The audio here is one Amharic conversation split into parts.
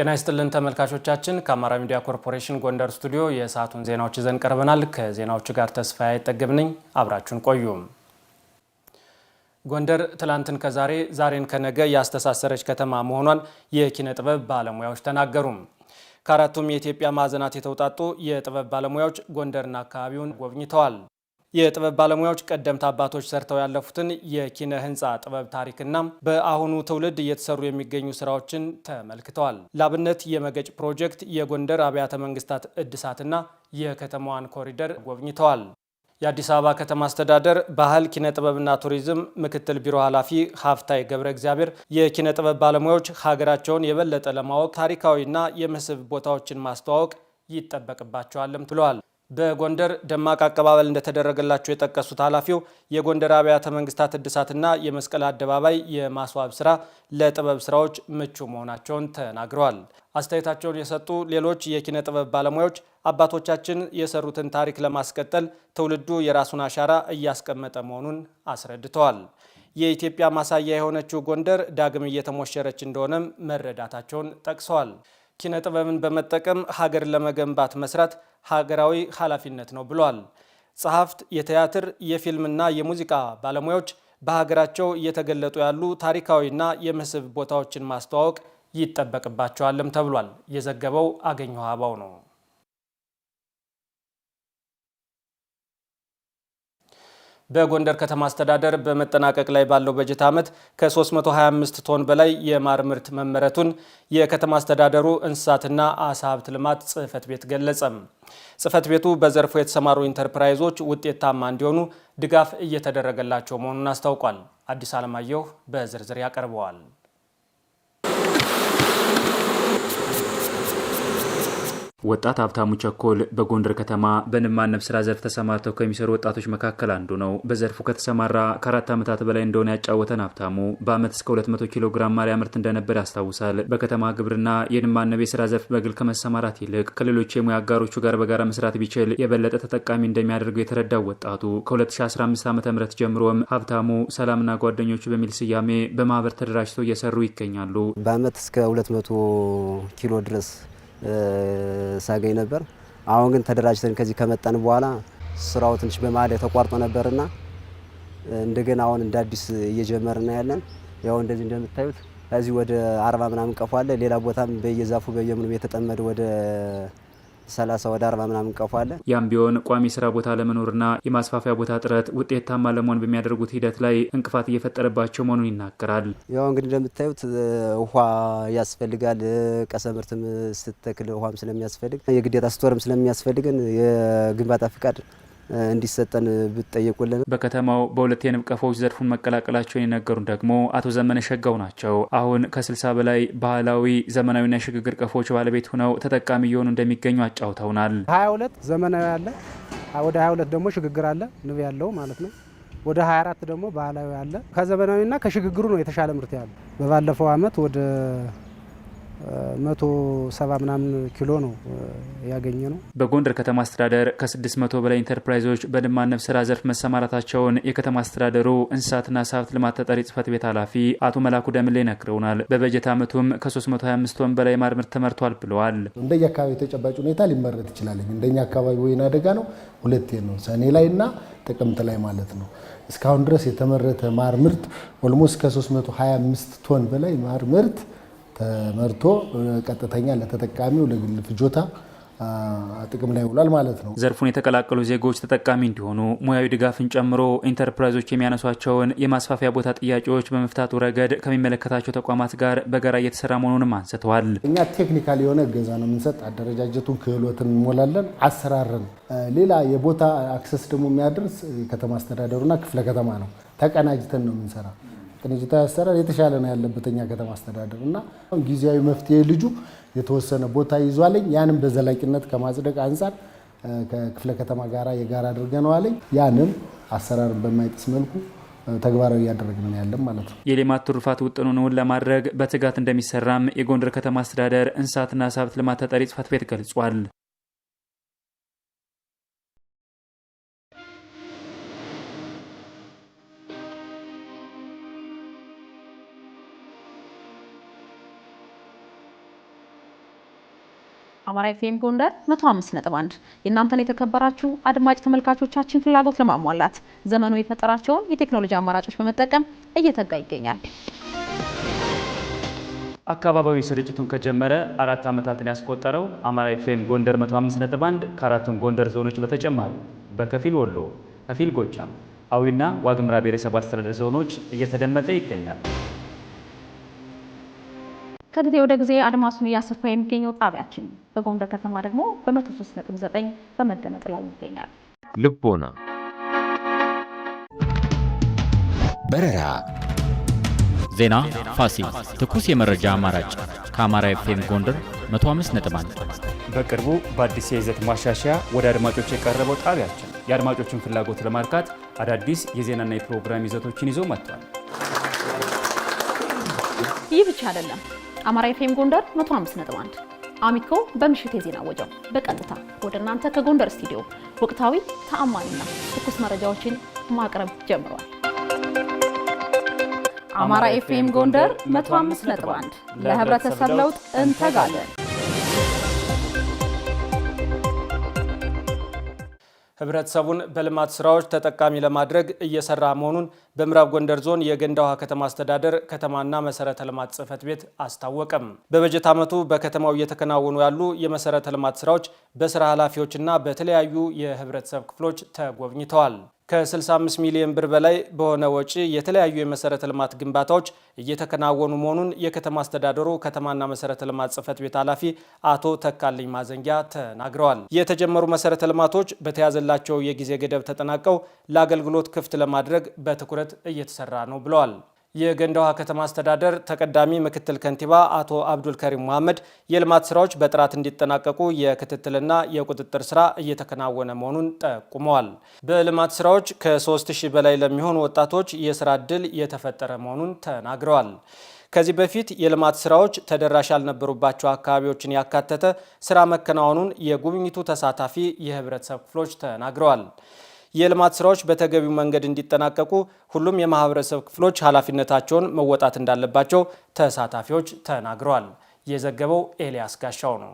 ጤና ይስጥልን ተመልካቾቻችን፣ ከአማራ ሚዲያ ኮርፖሬሽን ጎንደር ስቱዲዮ የሰዓቱን ዜናዎች ይዘን ቀርበናል። ከዜናዎቹ ጋር ተስፋ አይጠግብ ነኝ፣ አብራችሁን ቆዩ። ጎንደር ትላንትን ከዛሬ ዛሬን ከነገ ያስተሳሰረች ከተማ መሆኗን የኪነ ጥበብ ባለሙያዎች ተናገሩም። ከአራቱም የኢትዮጵያ ማዕዘናት የተውጣጡ የጥበብ ባለሙያዎች ጎንደርና አካባቢውን ጎብኝተዋል። የጥበብ ባለሙያዎች ቀደምት አባቶች ሰርተው ያለፉትን የኪነ ህንፃ ጥበብ ታሪክና በአሁኑ ትውልድ እየተሰሩ የሚገኙ ስራዎችን ተመልክተዋል። ላብነት የመገጭ ፕሮጀክት፣ የጎንደር አብያተ መንግስታት እድሳትና የከተማዋን ኮሪደር ጎብኝተዋል። የአዲስ አበባ ከተማ አስተዳደር ባህል ኪነ ጥበብና ቱሪዝም ምክትል ቢሮ ኃላፊ ሀፍታይ ገብረ እግዚአብሔር የኪነ ጥበብ ባለሙያዎች ሀገራቸውን የበለጠ ለማወቅ ታሪካዊና የመስህብ ቦታዎችን ማስተዋወቅ ይጠበቅባቸዋልም ትለዋል። በጎንደር ደማቅ አቀባበል እንደተደረገላቸው የጠቀሱት ኃላፊው የጎንደር አብያተ መንግስታት እድሳትና የመስቀል አደባባይ የማስዋብ ስራ ለጥበብ ስራዎች ምቹ መሆናቸውን ተናግረዋል። አስተያየታቸውን የሰጡ ሌሎች የኪነ ጥበብ ባለሙያዎች አባቶቻችን የሰሩትን ታሪክ ለማስቀጠል ትውልዱ የራሱን አሻራ እያስቀመጠ መሆኑን አስረድተዋል። የኢትዮጵያ ማሳያ የሆነችው ጎንደር ዳግም እየተሞሸረች እንደሆነም መረዳታቸውን ጠቅሰዋል። ኪነ ጥበብን በመጠቀም ሀገር ለመገንባት መስራት ሀገራዊ ኃላፊነት ነው ብሏል። ጸሐፍት፣ የቲያትር የፊልምና የሙዚቃ ባለሙያዎች በሀገራቸው እየተገለጡ ያሉ ታሪካዊና የመስህብ ቦታዎችን ማስተዋወቅ ይጠበቅባቸዋልም ተብሏል። የዘገበው አገኘሁ አባው ነው። በጎንደር ከተማ አስተዳደር በመጠናቀቅ ላይ ባለው በጀት ዓመት ከ325 ቶን በላይ የማር ምርት መመረቱን የከተማ አስተዳደሩ እንስሳትና አሳ ሀብት ልማት ጽህፈት ቤት ገለጸም። ጽህፈት ቤቱ በዘርፉ የተሰማሩ ኢንተርፕራይዞች ውጤታማ እንዲሆኑ ድጋፍ እየተደረገላቸው መሆኑን አስታውቋል። አዲስ አለማየሁ በዝርዝር ያቀርበዋል። ወጣት ሀብታሙ ቸኮል በጎንደር ከተማ በንማነብ ስራ ዘርፍ ተሰማርተው ከሚሰሩ ወጣቶች መካከል አንዱ ነው። በዘርፉ ከተሰማራ ከአራት ዓመታት በላይ እንደሆነ ያጫወተን ሀብታሙ በዓመት እስከ 200 ኪሎ ግራም ማሪያ ምርት እንደነበር ያስታውሳል። በከተማ ግብርና የንማነብ የስራ ዘርፍ በግል ከመሰማራት ይልቅ ከሌሎች የሙያ አጋሮቹ ጋር በጋራ መስራት ቢችል የበለጠ ተጠቃሚ እንደሚያደርገው የተረዳው ወጣቱ ከ2015 ዓ ም ጀምሮም ሀብታሙ ሰላምና ጓደኞቹ በሚል ስያሜ በማህበር ተደራጅተው እየሰሩ ይገኛሉ። በአመት እስከ 200 ኪሎ ድረስ ሳገኝ ነበር። አሁን ግን ተደራጅተን ከዚህ ከመጣን በኋላ ስራው ትንሽ በመሀል ተቋርጦ ነበርና እንደገና አሁን እንደ አዲስ እየጀመርን ያለን ያው እንደዚህ እንደምታዩት እዚህ ወደ አርባ ምናምን ቀፏለ ሌላ ቦታም በየዛፉ በየምኑ የተጠመደ ወደ ሰላሳ ወደ አርባ ምናምን እንቀፏለን። ያም ቢሆን ቋሚ ስራ ቦታ ለመኖርና የማስፋፊያ ቦታ ጥረት ውጤታማ ለመሆን በሚያደርጉት ሂደት ላይ እንቅፋት እየፈጠረባቸው መሆኑን ይናገራል። ያው እንግዲህ እንደምታዩት ውሃ ያስፈልጋል። ቀሰምርትም ስትተክል ውሃም ስለሚያስፈልግ የግዴታ ስቶርም ስለሚያስፈልግን የግንባታ ፍቃድ እንዲሰጠን ብጠየቁልን። በከተማው በሁለት የንብ ቀፎዎች ዘርፉን መቀላቀላቸውን የነገሩን ደግሞ አቶ ዘመነ ሸጋው ናቸው። አሁን ከስልሳ በላይ ባህላዊ ዘመናዊና የሽግግር ቀፎዎች ባለቤት ሆነው ተጠቃሚ እየሆኑ እንደሚገኙ አጫውተውናል። ሀያ ሁለት ዘመናዊ አለ፣ ወደ ሀያ ሁለት ደግሞ ሽግግር አለ፣ ንብ ያለው ማለት ነው። ወደ 24 ደግሞ ባህላዊ አለ። ከዘመናዊና ከሽግግሩ ነው የተሻለ ምርት ያለው። በባለፈው አመት ወደ መቶ ሰባ ምናምን ኪሎ ነው ያገኘ ነው። በጎንደር ከተማ አስተዳደር ከ600 በላይ ኢንተርፕራይዞች በልማት ስራ ዘርፍ መሰማራታቸውን የከተማ አስተዳደሩ እንስሳትና ሀብት ልማት ተጠሪ ጽህፈት ቤት ኃላፊ አቶ መላኩ ደምሌ ነግረውናል። በበጀት ዓመቱም ከ325 ቶን በላይ ማር ምርት ተመርቷል ብለዋል። እንደየ አካባቢ ተጨባጭ ሁኔታ ሊመረት ይችላል። እንደኛ አካባቢ ወይን አደጋ ነው ሁለቴ ነው ሰኔ ላይ እና ጥቅምት ላይ ማለት ነው። እስካሁን ድረስ የተመረተ ማር ምርት ኦልሞስት ከ325 ቶን በላይ ማር ምርት ተመርቶ ቀጥተኛ ለተጠቃሚው ለግል ፍጆታ ጥቅም ላይ ይውላል ማለት ነው። ዘርፉን የተቀላቀሉ ዜጎች ተጠቃሚ እንዲሆኑ ሙያዊ ድጋፍን ጨምሮ ኢንተርፕራይዞች የሚያነሷቸውን የማስፋፊያ ቦታ ጥያቄዎች በመፍታቱ ረገድ ከሚመለከታቸው ተቋማት ጋር በጋራ እየተሰራ መሆኑንም አንስተዋል። እኛ ቴክኒካል የሆነ እገዛ ነው የምንሰጥ። አደረጃጀቱን፣ ክህሎትን እንሞላለን። አሰራርን፣ ሌላ የቦታ አክሰስ ደግሞ የሚያደርስ ከተማ አስተዳደሩና ክፍለ ከተማ ነው። ተቀናጅተን ነው የምንሰራ ቅንጅታዊ አሰራር የተሻለ ነው ያለበት እኛ ከተማ አስተዳደር እና ጊዜያዊ መፍትሄ ልጁ የተወሰነ ቦታ ይዟለኝ ያንም በዘላቂነት ከማጽደቅ አንጻር ከክፍለ ከተማ ጋራ የጋራ አድርገነዋለኝ ያንም አሰራርን በማይጥስ መልኩ ተግባራዊ እያደረግን ያለን ማለት ነው። የሌማት ትሩፋት ውጥኑን ለማድረግ በትጋት እንደሚሰራም የጎንደር ከተማ አስተዳደር እንስሳትና ሳብት ልማት ተጠሪ ጽሕፈት ቤት ገልጿል። አማራ ኤፍኤም ጎንደር 105.1 የእናንተን የተከበራችሁ አድማጭ ተመልካቾቻችን ፍላጎት ለማሟላት ዘመኑ የፈጠራቸውን የቴክኖሎጂ አማራጮች በመጠቀም እየተጋ ይገኛል። አካባቢያዊ ስርጭቱን ከጀመረ አራት ዓመታትን ያስቆጠረው አማራ ኤፍኤም ጎንደር 105.1 ከአራቱም ጎንደር ዞኖች በተጨማሪ በከፊል ወሎ፣ ከፊል ጎጃም፣ አዊና ዋግምራ ብሔረሰብ አስተዳደር ዞኖች እየተደመጠ ይገኛል። ከጊዜ ወደ ጊዜ አድማሱን እያሰፋ የሚገኘው ጣቢያችን በጎንደር ከተማ ደግሞ በመቶ ሶስት ነጥብ ዘጠኝ በመደመጥ ላይ ይገኛል። ልቦና፣ በረራ፣ ዜና ፋሲል ትኩስ የመረጃ አማራጭ ከአማራ ኤፍኤም ጎንደር 151 በቅርቡ በአዲስ የይዘት ማሻሻያ ወደ አድማጮች የቀረበው ጣቢያችን የአድማጮችን ፍላጎት ለማርካት አዳዲስ የዜናና የፕሮግራም ይዘቶችን ይዞ መጥቷል። ይህ ብቻ አይደለም። አማራ ኤፍኤም ጎንደር 151 አሚኮ በምሽት የዜና ወጃው በቀጥታ ወደ እናንተ ከጎንደር ስቱዲዮ ወቅታዊ ተአማኒና ትኩስ መረጃዎችን ማቅረብ ጀምሯል። አማራ ኤፍኤም ጎንደር 151 ለህብረተሰብ ለውጥ እንተጋለን። ህብረተሰቡን በልማት ስራዎች ተጠቃሚ ለማድረግ እየሰራ መሆኑን በምዕራብ ጎንደር ዞን የገንዳ ውሃ ከተማ አስተዳደር ከተማና መሰረተ ልማት ጽህፈት ቤት አስታወቀም። በበጀት ዓመቱ በከተማው እየተከናወኑ ያሉ የመሰረተ ልማት ስራዎች በስራ ኃላፊዎችና በተለያዩ የህብረተሰብ ክፍሎች ተጎብኝተዋል። ከ65 ሚሊዮን ብር በላይ በሆነ ወጪ የተለያዩ የመሰረተ ልማት ግንባታዎች እየተከናወኑ መሆኑን የከተማ አስተዳደሩ ከተማና መሰረተ ልማት ጽፈት ቤት ኃላፊ አቶ ተካልኝ ማዘንጊያ ተናግረዋል። የተጀመሩ መሰረተ ልማቶች በተያዘላቸው የጊዜ ገደብ ተጠናቀው ለአገልግሎት ክፍት ለማድረግ በትኩረት እየተሰራ ነው ብለዋል። የገንደ ውሃ ከተማ አስተዳደር ተቀዳሚ ምክትል ከንቲባ አቶ አብዱል ከሪም መሐመድ የልማት ስራዎች በጥራት እንዲጠናቀቁ የክትትልና የቁጥጥር ስራ እየተከናወነ መሆኑን ጠቁመዋል። በልማት ስራዎች ከ3000 በላይ ለሚሆኑ ወጣቶች የስራ እድል የተፈጠረ መሆኑን ተናግረዋል። ከዚህ በፊት የልማት ስራዎች ተደራሽ ያልነበሩባቸው አካባቢዎችን ያካተተ ስራ መከናወኑን የጉብኝቱ ተሳታፊ የህብረተሰብ ክፍሎች ተናግረዋል። የልማት ስራዎች በተገቢው መንገድ እንዲጠናቀቁ ሁሉም የማህበረሰብ ክፍሎች ኃላፊነታቸውን መወጣት እንዳለባቸው ተሳታፊዎች ተናግረዋል። የዘገበው ኤልያስ ጋሻው ነው።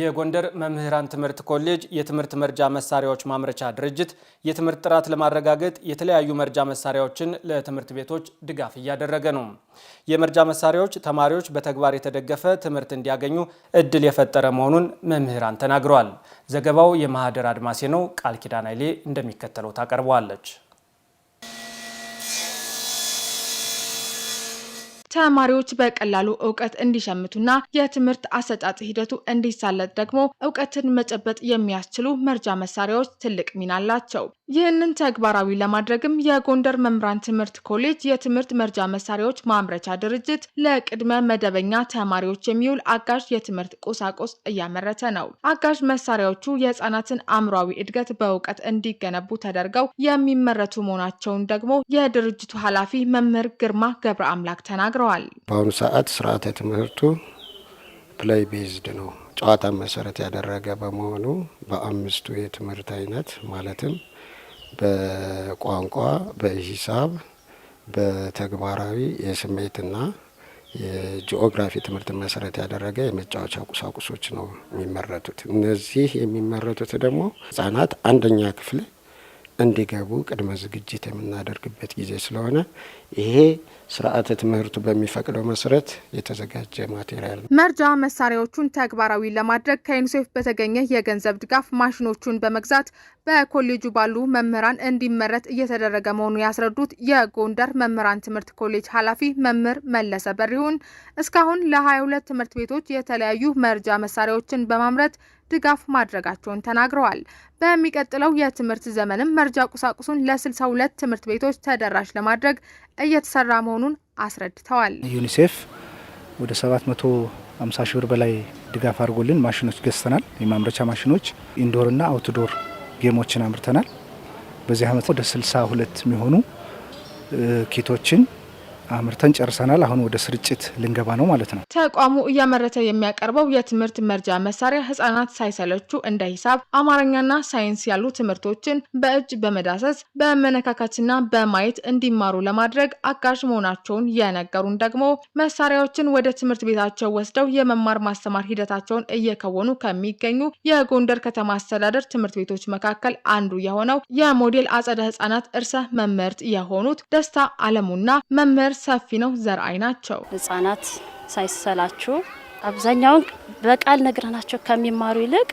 የጎንደር መምህራን ትምህርት ኮሌጅ የትምህርት መርጃ መሳሪያዎች ማምረቻ ድርጅት የትምህርት ጥራት ለማረጋገጥ የተለያዩ መርጃ መሳሪያዎችን ለትምህርት ቤቶች ድጋፍ እያደረገ ነው። የመርጃ መሳሪያዎች ተማሪዎች በተግባር የተደገፈ ትምህርት እንዲያገኙ እድል የፈጠረ መሆኑን መምህራን ተናግረዋል። ዘገባው የማህደር አድማሴ ነው። ቃል ኪዳን አይሌ እንደሚከተለው ታቀርበዋለች። ተማሪዎች በቀላሉ እውቀት እንዲሸምቱና የትምህርት አሰጣጥ ሂደቱ እንዲሳለጥ ደግሞ እውቀትን መጨበጥ የሚያስችሉ መርጃ መሳሪያዎች ትልቅ ሚና አላቸው። ይህንን ተግባራዊ ለማድረግም የጎንደር መምህራን ትምህርት ኮሌጅ የትምህርት መርጃ መሳሪያዎች ማምረቻ ድርጅት ለቅድመ መደበኛ ተማሪዎች የሚውል አጋዥ የትምህርት ቁሳቁስ እያመረተ ነው። አጋዥ መሳሪያዎቹ የህጻናትን አእምሯዊ እድገት በእውቀት እንዲገነቡ ተደርገው የሚመረቱ መሆናቸውን ደግሞ የድርጅቱ ኃላፊ መምህር ግርማ ገብረ አምላክ ተናግረዋል። ተናግረዋል። በአሁኑ ሰዓት ስርዓተ ትምህርቱ ፕላይ ቤዝድ ነው፣ ጨዋታ መሰረት ያደረገ በመሆኑ በአምስቱ የትምህርት አይነት ማለትም በቋንቋ፣ በሂሳብ፣ በተግባራዊ የስሜትና የጂኦግራፊ ትምህርት መሰረት ያደረገ የመጫወቻ ቁሳቁሶች ነው የሚመረቱት። እነዚህ የሚመረቱት ደግሞ ህጻናት አንደኛ ክፍል እንዲገቡ ቅድመ ዝግጅት የምናደርግበት ጊዜ ስለሆነ ይሄ ስርዓተ ትምህርቱ በሚፈቅደው መሰረት የተዘጋጀ ማቴሪያል ነው። መርጃ መሳሪያዎቹን ተግባራዊ ለማድረግ ከዩኒሴፍ በተገኘ የገንዘብ ድጋፍ ማሽኖቹን በመግዛት በኮሌጁ ባሉ መምህራን እንዲመረት እየተደረገ መሆኑን ያስረዱት የጎንደር መምህራን ትምህርት ኮሌጅ ኃላፊ መምህር መለሰ በሪሁን እስካሁን ለ22 ትምህርት ቤቶች የተለያዩ መርጃ መሳሪያዎችን በማምረት ድጋፍ ማድረጋቸውን ተናግረዋል። በሚቀጥለው የትምህርት ዘመንም መርጃ ቁሳቁሱን ለ62 ትምህርት ቤቶች ተደራሽ ለማድረግ እየተሰራ መሆኑን አስረድተዋል። ዩኒሴፍ ወደ 750 ሺህ ብር በላይ ድጋፍ አድርጎልን ማሽኖች ገዝተናል። የማምረቻ ማሽኖች ኢንዶርና አውትዶር ጌሞችን አምርተናል። በዚህ ዓመት ወደ 62 የሚሆኑ ኪቶችን አምርተን ጨርሰናል። አሁን ወደ ስርጭት ልንገባ ነው ማለት ነው። ተቋሙ እያመረተ የሚያቀርበው የትምህርት መርጃ መሳሪያ ህጻናት ሳይሰለቹ እንደ ሂሳብ፣ አማርኛና ሳይንስ ያሉ ትምህርቶችን በእጅ በመዳሰስ በመነካካትና በማየት እንዲማሩ ለማድረግ አጋዥ መሆናቸውን የነገሩን ደግሞ መሳሪያዎችን ወደ ትምህርት ቤታቸው ወስደው የመማር ማስተማር ሂደታቸውን እየከወኑ ከሚገኙ የጎንደር ከተማ አስተዳደር ትምህርት ቤቶች መካከል አንዱ የሆነው የሞዴል አጸደ ህጻናት እርሰ መምህርት የሆኑት ደስታ አለሙና መምህር ሰፊ ነው። ዘርአይ ናቸው። ህጻናት ሳይሰላችሁ አብዛኛውን በቃል ነግረናቸው ከሚማሩ ይልቅ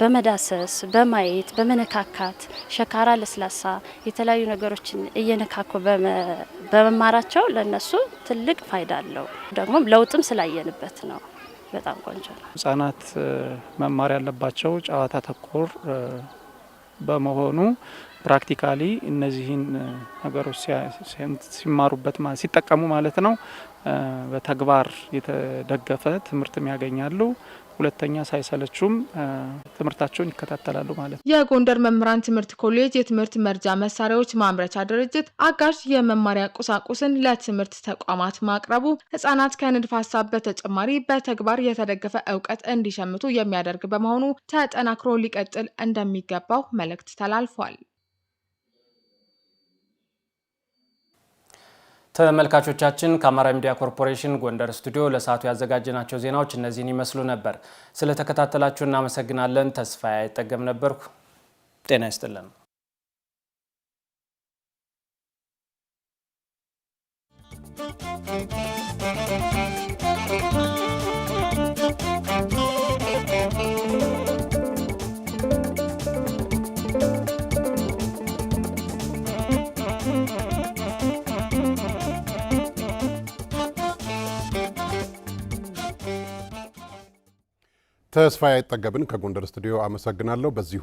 በመዳሰስ በማየት በመነካካት ሸካራ፣ ለስላሳ የተለያዩ ነገሮችን እየነካኩ በመማራቸው ለነሱ ትልቅ ፋይዳ አለው። ደግሞ ለውጥም ስላየንበት ነው። በጣም ቆንጆ ነው። ህጻናት መማር ያለባቸው ጨዋታ ተኮር በመሆኑ ፕራክቲካሊ እነዚህን ነገሮች ሲማሩበት ሲጠቀሙ ማለት ነው። በተግባር የተደገፈ ትምህርትም ያገኛሉ። ሁለተኛ ሳይሰለቹም ትምህርታቸውን ይከታተላሉ ማለት ነው። የጎንደር መምህራን ትምህርት ኮሌጅ የትምህርት መርጃ መሳሪያዎች ማምረቻ ድርጅት አጋዥ የመማሪያ ቁሳቁስን ለትምህርት ተቋማት ማቅረቡ ሕጻናት ከንድፍ ሀሳብ በተጨማሪ በተግባር የተደገፈ እውቀት እንዲሸምቱ የሚያደርግ በመሆኑ ተጠናክሮ ሊቀጥል እንደሚገባው መልእክት ተላልፏል። ተመልካቾቻችን ከአማራ ሚዲያ ኮርፖሬሽን ጎንደር ስቱዲዮ ለሰዓቱ ያዘጋጀናቸው ዜናዎች እነዚህን ይመስሉ ነበር። ስለተከታተላችሁ እናመሰግናለን። ተስፋ አይጠገም ነበርኩ። ጤና ይስጥልን። ተስፋዬ አይጠገብን ከጎንደር ስቱዲዮ አመሰግናለሁ። በዚሁ